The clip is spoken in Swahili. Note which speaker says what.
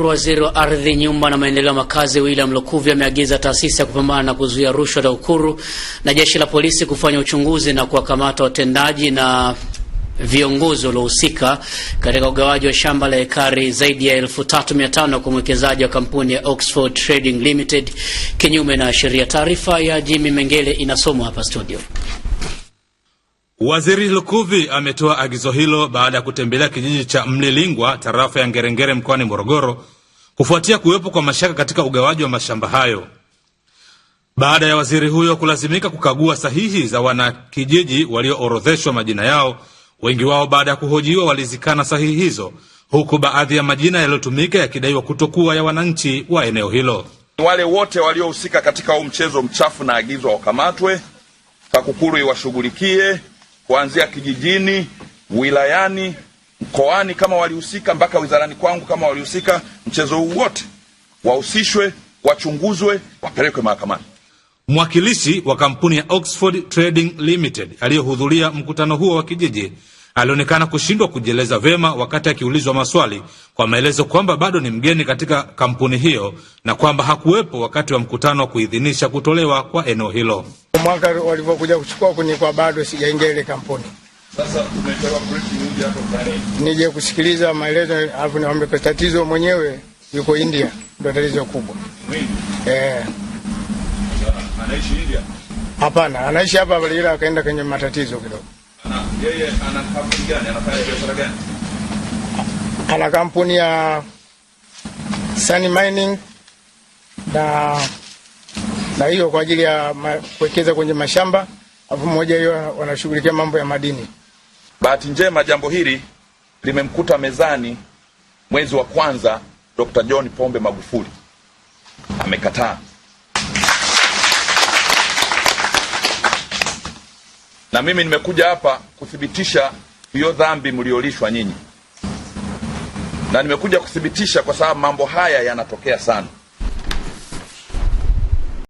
Speaker 1: Waziri wa Ardhi, Nyumba na Maendeleo Makazi William Lukuvi ameagiza taasisi ya kupambana na kuzuia rushwa TAKUKURU na jeshi la polisi kufanya uchunguzi na kuwakamata watendaji na viongozi waliohusika katika ugawaji wa shamba la ekari zaidi ya 3500 kwa mwekezaji wa kampuni ya Oxford Trading Limited kinyume na sheria. Taarifa ya Jimmy Mengele inasomwa hapa studio.
Speaker 2: Waziri Lukuvi ametoa agizo hilo baada ya kutembelea kijiji cha Mlilingwa, tarafa ya Ngerengere mkoani Morogoro, kufuatia kuwepo kwa mashaka katika ugawaji wa mashamba hayo. Baada ya waziri huyo kulazimika kukagua sahihi za wanakijiji walioorodheshwa majina yao, wengi wao baada ya kuhojiwa walizikana sahihi hizo, huku baadhi ya majina yaliyotumika yakidaiwa kutokuwa ya wananchi wa eneo hilo.
Speaker 3: Wale wote waliohusika katika huu mchezo mchafu na agizo wakamatwe, TAKUKURU iwashughulikie kuanzia kijijini, wilayani, mkoani kama walihusika, mpaka wizarani kwangu kama walihusika. Mchezo huu wote wahusishwe, wachunguzwe, wapelekwe mahakamani.
Speaker 2: Mwakilishi wa kampuni ya Oxford Trading Limited aliyehudhuria mkutano huo wa kijiji alionekana kushindwa kujieleza vema wakati akiulizwa maswali kwa maelezo kwamba bado ni mgeni katika kampuni hiyo na kwamba hakuwepo wakati wa mkutano wa kuidhinisha kutolewa kwa eneo hilo
Speaker 4: mwaka walivyokuja kuchukua kuni kwa bado sijaingia ile kampuni. nije kusikiliza maelezo, alafu kwa tatizo mwenyewe yuko India, ndio tatizo kubwa eh. Anaishi anaishi hapa bali ila akaenda kwenye matatizo kidogo. ana kampuni ya sand mining na na hiyo kwa ajili ya kuwekeza kwenye mashamba, alafu mmoja hiyo wanashughulikia mambo ya madini.
Speaker 5: Bahati njema jambo hili limemkuta mezani mwezi wa kwanza, Dr. John Pombe Magufuli amekataa na mimi nimekuja hapa kuthibitisha hiyo dhambi mliolishwa nyinyi, na nimekuja kuthibitisha kwa sababu mambo haya yanatokea sana.